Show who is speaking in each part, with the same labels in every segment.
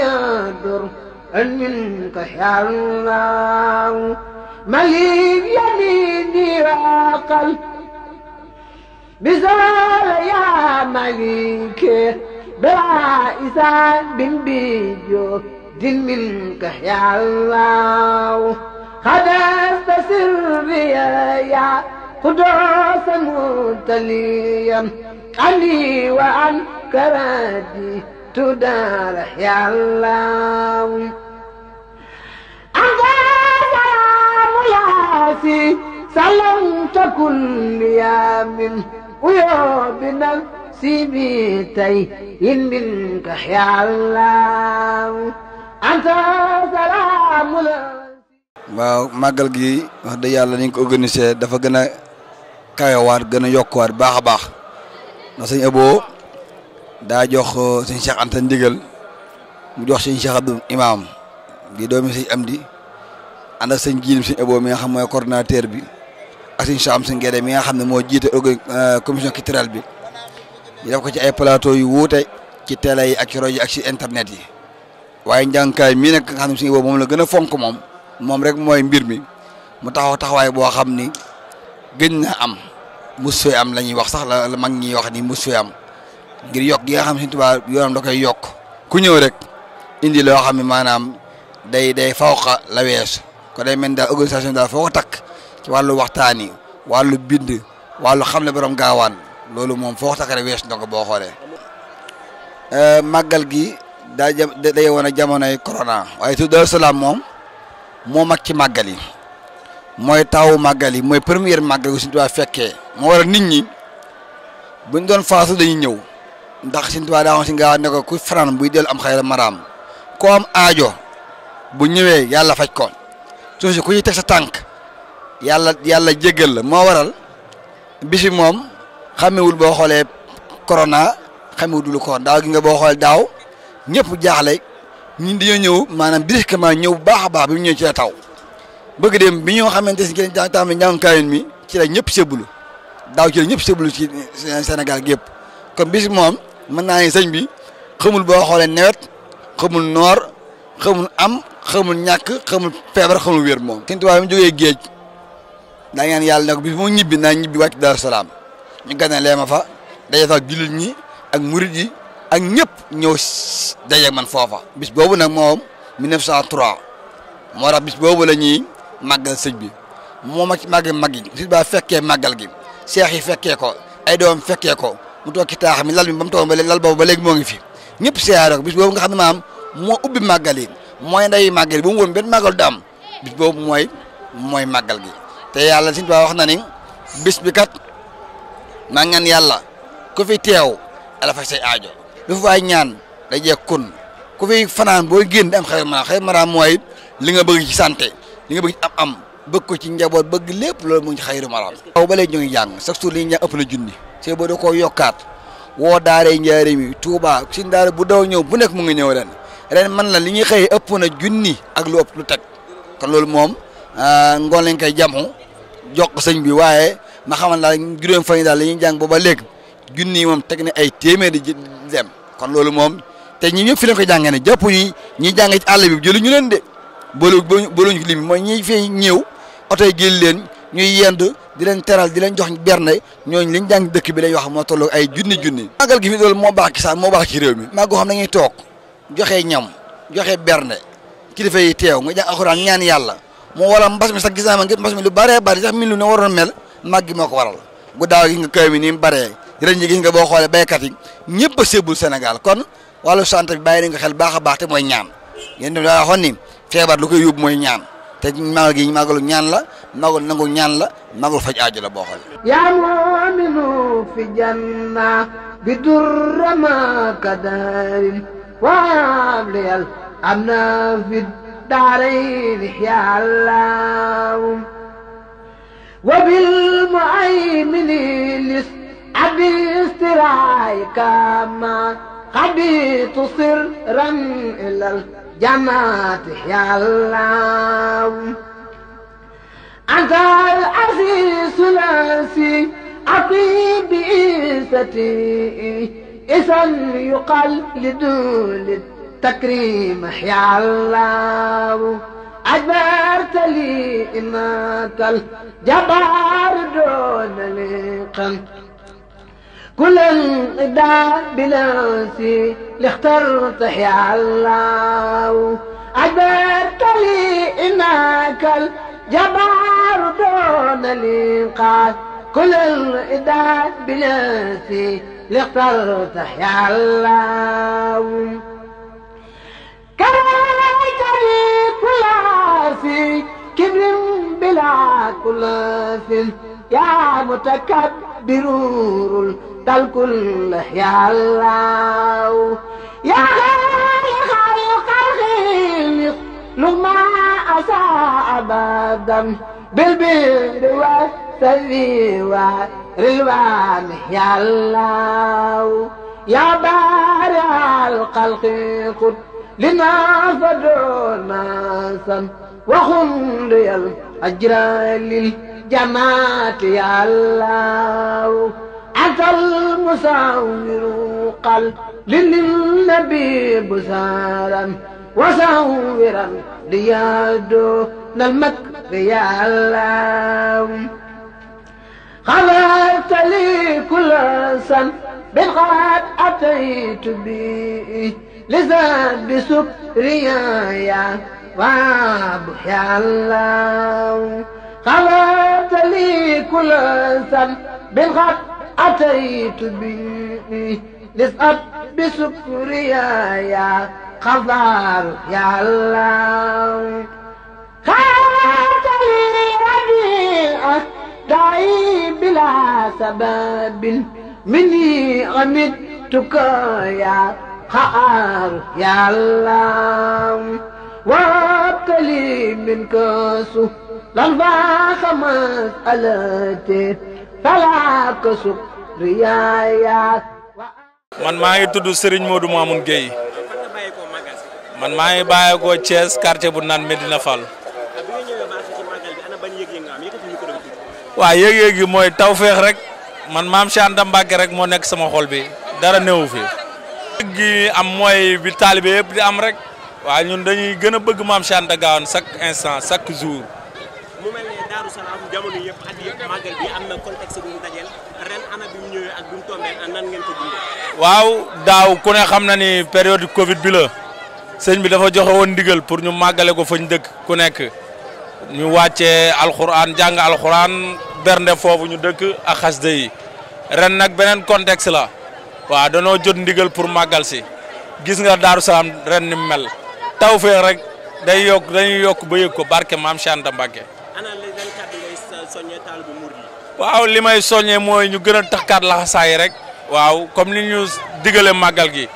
Speaker 1: يضر أن منك يا الله مليم يميني وأقل بزار يا مليك بلا إسان بن بيجو دين منك يا الله خدست سري يا قدوس متليا عني وعن كرادي tuddaal yàllaaw anta salaamu yaasi salam takun liyaamin uyoo bi nafsi bi tay yindin ka yàllaaw anta salaamu la
Speaker 2: waaw màggal gi wax dëgg yàlla ni ñu ko organisé dafa gën a kayawaat gën a yokkuwaat baax a baax ndax sëñ Abo daa jox uh, sëñ Cheikh Anta ndigal mu jox si Cheikh Abdou imaam di doomi sëñ Amdi ànd ak sëñ Jiilim sëñ Ebo mi nga xam mooy coordonnateur bi ak sëñ Saam sëñ Guédé mi nga xam ne moo jiite uh, commission culturelle bi ñu def ko ci ay plateau yu wuute ci télé yi ak ci rajo yi ak ci internet yi waaye njàngkaay mii nag nga xam moom la gën a fonk moom moom rek mooy mbir mi mu taxaw taxawaay boo xam ni gën na am mus am la ñuy wax sax la mag ñi wax ni mus am ngir yokk gi nga xam Sëriñ Tuubaa yoonam koy yokk ku ñëw rek indi loo xam ne maanaam day day fawqa la weesu ko day mel daal organisation daal foo ko takk ci wàllu waxtaan yi wàllu bind wàllu xam ne borom gaawaan loolu moom foo ko takk rek weesu donc boo xoolee. Euh, màggal gi daa ja day woon a jamonoy waaye tu Daaru Salaam moom moo mag ci màggal yi mooy tawu màggal yi mooy première màggal gu Sëriñ Tuubaa moo waral nit ñi buñ doon faasu dañuy ñëw. ndax Sëñ Tuubaa daa si nga ne ko ku fanaan buy dellu am xayra maraam ko aajo bu ñëwee yàlla faj ko suuf si ku ñu teg sa tànk yàlla yàlla jéggal la moo waral bisi moom xamewul boo xoolee corona xamewul du lu ko daaw gi nga boo xoolee daaw ñëpp jaaxle ñun dañoo ñëw maanaam brusquement ñëw baax a baax bi mu ñëw ci la taw bëgg dem bi ñëw xamante si kenn mi ci la ñëpp sébulu daaw ci la ñëpp sébulu ci Sénégal gépp kon bis moom mën naa ne sëñ bi xamul boo xoolee nawet xamul noor xamul am xamul ñàkk xamul feebar xamul wér moom. sëñ Tuubaa bi mu jógee géej daa ngeen yàlla ne ko bi moo ñibbi naa ñibbi wàcc Daaru Salaam ñu gane lee ma fa daje fa ak jullit ñi ak murit yi ak ñëpp ñëw daje man foofa. bis boobu nag moom 1903 moo tax bis boobu la ñuy màggal sëñ bi moo ma ci màgg mag yi. fekkee màggal gi seex yi fekkee ko ay doom fekkee ko. mu toog ci taax mi lal mi ba mu toog ba léegi lal boobu ba léegi moo ngi fi ñëpp siyaare ko bis boobu nga xam maam moo ubbi màggal yi mooy day màggal yi ba mu woon benn màggal du am boobu mooy mooy màggal gi te yàlla Sëñ Tuubaa wax na ni bis bi kat maa ngaan yàlla ku fi teew ala faj aajo lu fa waay ñaan day jeex kun ku fi fanaan boo génn di am xayma maraam mooy li nga bëgg ci santé li nga bëgg ci am am bëgg ko ci njaboot bëgg lépp loolu mu ngi ci xayma maraam. waaw ba léegi ñu ngi jàng li ñuy jàng ëpp na sëñ ba da koo yokkaat woo daaree njaareem yi Touba si daara bu daw ñëw bu nekk mu ngi ñëw ren ren man la li ñuy xëy ëpp na junni ak lu ëpp lu teg kon loolu moom ah, ngoon lañ koy jamu jok ko bi waaye ma xamal daal juróom fan daal la ñuy jàng ba léegi junni moom teg na ay téeméeri di dem kon loolu moom te ñi ñëpp fi lañ koy jàngee ne ñi ñi jàng ci àll bi jëluñu leen de boolu booluñu lim mooy ñi fee ñëw oto yi jël leen ñuy yend di leen teral di leen jox bernde ñooñu liñ jàng dëkk bi lañ wax moo tolloo ay junni junni. màggal gi fi dool moo baax ci saa moo baax ci réew mi. mag goo xam ne joxe ñam joxe kilifa yi teew nga jàng alxuraan ñaan yàlla moo waral mbas mi sax gis naa ma mbas mi lu bëree bëri sax min lu ne waroon mel mag gi moo ko waral bu daaw gi nga kaw mi ni mu bëree ren ji gis nga boo xoolee béykat yi ñëpp a sébul kon wàllu santé bi bàyyi nañ ko xel baax a baax te mooy ñaan yéen itam daa waxoon ni feebar lu koy yóbbu mooy ñaan te màggal gi ñaan la magul nangu ñaan la magul faj aajo la boo xool
Speaker 1: yaa mu'minu fi janna bi durrama kadarin waabliyal am na fi daarayni yaa allahum wa bil mu'aymini lis abi istiraay kama xabitu sirran ilal jamaati yaa allahum أتى العزيز ناسي عطي بإيستي إذا يقال لدول التكريم يا الله أجبرت لي إمات الجبار دون لقم كل الإداء بلاسي لاخترت يا الله أجبرت لي إنك جبار دون الإنقاذ كل الإداد بنفسي لاخترت يا الله كرهتني كل في كبر بلا كل في يا متكبر تلك يا الله يا غير عبادا بالبر والسر والرضوان يا الله يا بارع الخلق قد لنا فدعونا سن وخن الأجر للجماعة يا الله أنت المساور قل للنبي بسارا وساورا ليادو nal makr ya allah غفرت لي كل سن بالغاد أتيت بي لزاد بسكريا يا رابح يا الله غفرت لي كل سن بالغاد أتيت بي لزاد بسكريا يا قذار يا الله دعي بلا سبب مني غمدتك يا خار يا الله وابتلي منك سوء لنباخ مسألتي فلا كسب ريايا
Speaker 3: man maa ngi tudd Serigne Modou Mamoun Gueye man maa ngi bàyyeekoo cees quartier bu naan Medina Fall waaw yëg-yëg mooy taw feex rek man maam Cheikh Anta Mbacke rek moo nekk sama xol bi dara néewu fi. gi am mooy bi taalibe yëpp di am rek waaw ñun dañuy gën a bëgg maam Cheikh Anta Gawane chaque instant chaque jour. mu mel waaw daaw ku ne xam na ni période Covid bi la sëñ bi dafa joxe woon ndigal pour ñu màggale ko fañ dëkk ku nekk. ñu wàccee alxuraan jàng alxuraan bernde foofu ñu dëkk ak xasida yi ren nag beneen contexte la waaw danoo jot ndigal pour màggal si gis nga Daaru Salaam ren ni mel taw rek day yokk dañuy yokk ba yëg ko barke maam Chanta Mbacke. ana li waaw li may soññee mooy ñu gën a takkaat laxasaay rek. waaw comme ni ñu digale màggal gi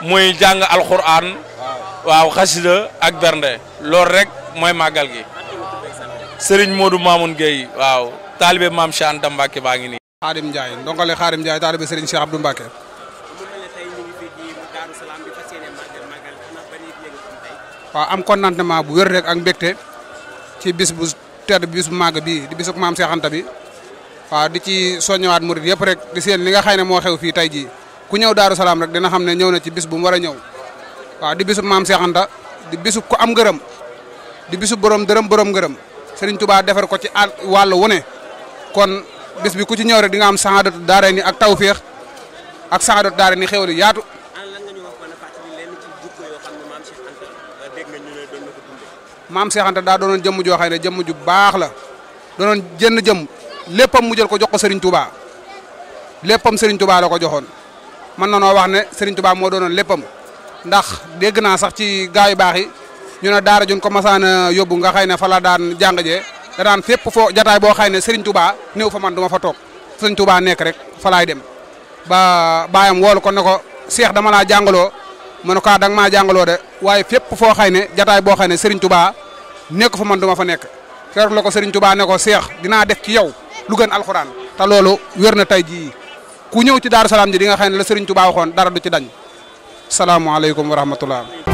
Speaker 3: muy jàng alxuraan waaw xasida ak bernde loolu rek mooy màggal gi. Serigne Modou Mamoun Gueye waaw taalibe Maam Cheikh Anta baa ngi nii. Xaadim Ndiaye ndongole Xaadim Ndiaye taalibe Serigne Cheikh Abdou Mbacke.
Speaker 4: waaw am contentement bu wér rek ak mbégte ci bis bu tedd bi bis bu màgg bii di bisu Maam Cheikh bi waaw di ci soññawaat murid yëpp rek di seen li nga xay ne moo xew fii tey jii ku ñëw Daaru Salaam rek dina xam ne ñëw na ci bis bu mu a ñëw waaw di bisu Maam Cheikh di bisu ko am ngërëm di bisu borom dërëm borom ngërëm Serigne Touba defar ko ci at wàll wu kon bis bi ku ci ñëw rek di nga am saxaadatu daara ni ak tawféex ak saxaadatu daara xew xéwal yaatu. maam Cheikh euh, daal daa doonoon jëmm joo xam ne jëmm ju baax la doonoon jënn jëm léppam mu jël ko jox ko Serigne Touba léppam Serigne Touba la ko joxoon mën na noo wax ne Serigne Touba moo doonoon léppam ndax dégg naa sax ci gaayu baax yi ñu ne daara juñ ko masaana yóbbu nga xëy ne fa daan jàng jee da daan fépp foo jataay boo xëy ne Serigne Touba néew fa man duma fa toog Serigne Touba nekk rek fa laay dem ba baayam woolu ko ne ko seex dama laa jàngaloo mu ne ko ah, danga maa jàngaloo de waaye fépp foo xëy ne jataay boo xëy ne Serigne Touba nekk fa man duma fa nekk keroog la ko Serigne Touba ne ko seex dinaa def ci yow lu gën alxuraan te loolu wér na tey jii ku ñëw ci daar Salaam ji di nga xam ne la Serigne Touba waxoon dara du ci dañ salaamualeykum wa